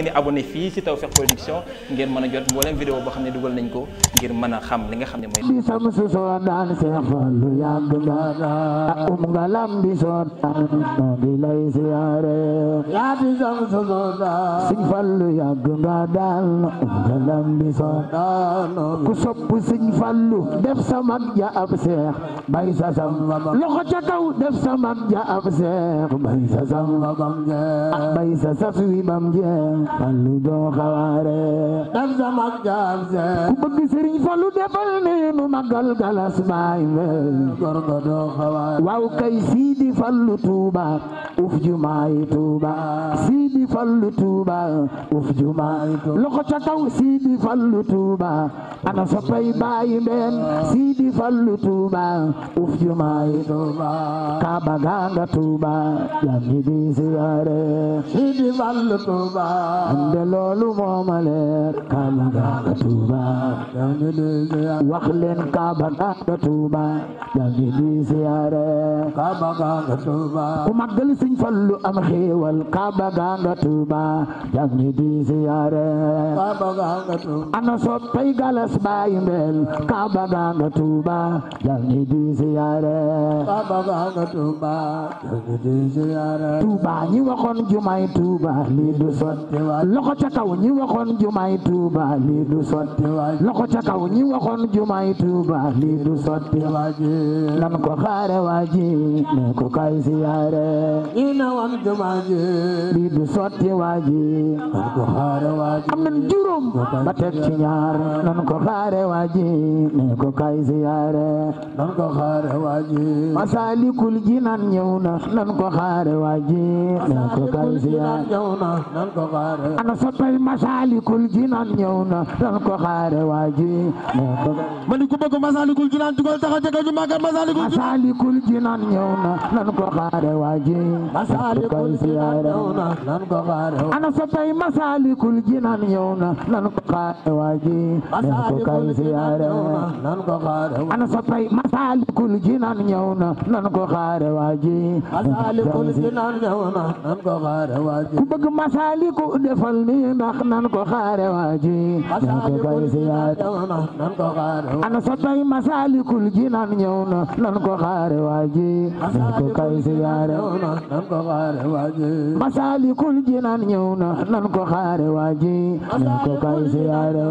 ngeen di abonné fii ci Tawfekh Production ngeen mën a jot mboolem vidéo boo xam ne dugal nañ ko ngir mën a xam li nga xam ne mooy si sama su soo daan Seex Fallu yàgg naa um nga lam bi soo daan na di lay siyaare yaa di sama su soo daan Sëñ Fallu yàgg nga daal um nga lam bi soo daan ku sopp Sëñ Fallu def sa mag ja ab seex bay sa sam loxo ca kaw def sa mag ja ab seex bay sa sam bay sa saf wi bam jeex fallu doo xawaare daf samak jaam se ku bëgg sëriñ fallu defal ni nu magal galas baay me gor nga doo xawaare waaw kay siidi fallu tuuba uf jumaay tuuba siidi fallu tuuba uf jumaay tuuba loxo ca kaw siidi fallu tuuba ana soppay baay mbeen siidi fallu tuuba uf jumaay tuuba kaaba gaa nga tuuba jam ñi di siyaare siidi fallu tuuba am de loolu mooma leer kaaba gaa tuuba ku maggal Sëñ Fallu am xéewal kaaba gaa tuuba jangi di siyaare ana soppay galas baay mbel kaaba kaaba gaa tuuba jangi di siyaare tuuba ñi waxoon jumay tuuba li du sotti sottiwaat loxo ca kaw ñi waxoon jumaay Tuuba lii du sottiwaat loxo ca kaw ñi waxoon jumaay Tuuba lii du sottiwaat nan ko xaare waaji ne ko kay siyaare ñi na woon ji lii du nan ko xaare na nan ko xaare waaji ne ko kay siyaare ana soppay masalikul jinan ñëw na dan ko xaare waaji ma ni ku bëgg masalikul jinan dugal taxa jega ñu magal masalikul jinan masalikul jinan ñëw na dan ko xaare waaji masalikul jinan ñëw na dan ko xaare ana soppay masalikul jinan ñëw na dan ko xaare waaji masalikul jinan ñëw na dan ko xaare ana soppay masalikul jinan ñëw na dan ko xaare waaji masalikul jinan ñëw na dan ko xaare waaji ku bëgg masaliku defal mi ndax nan ko xaare waaji ana sa tay masalikul ji nan ñëw na nan ko xaare waaji nan ko kay siyaare masalikul ji nan ñëw na nan ko xaare waaji nan ko kay siyaare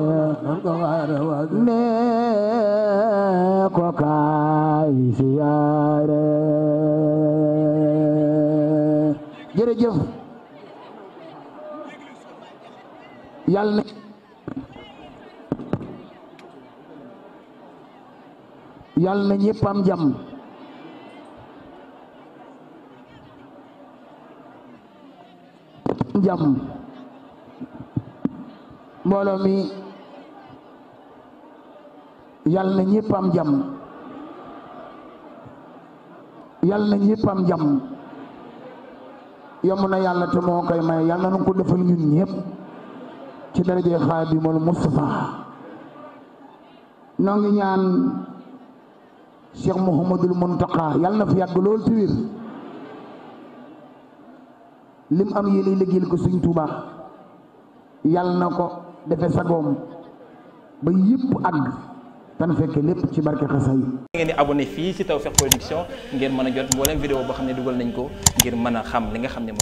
ne ko kay siyaare jërëjëf yàlla na yàlla na ñëpp am jàmm jàmm mbooloo mi yàlla na ñëpp am jàmm yàlla na ñëpp am jàmm yomb na yàlla te moo koy yàlla na ko defal ñun ñëpp ci daraje xaadimul Mustafa noo ngi ñaan Cheikh Mouhamadul Mountakha yàlla na fi yàgg lool ci biir lim am yéene liggéeyal ko Sëñ Tuubaa yàlla na ko defe sagoom ba yëpp àgg tan fekke lépp ci barke xasa yi ngeen di abonné fii ci Tawfekh Production ngeen mën a jot mboolem vidéo boo xam ne dugal nañ ko ngir mën a xam li nga xam ne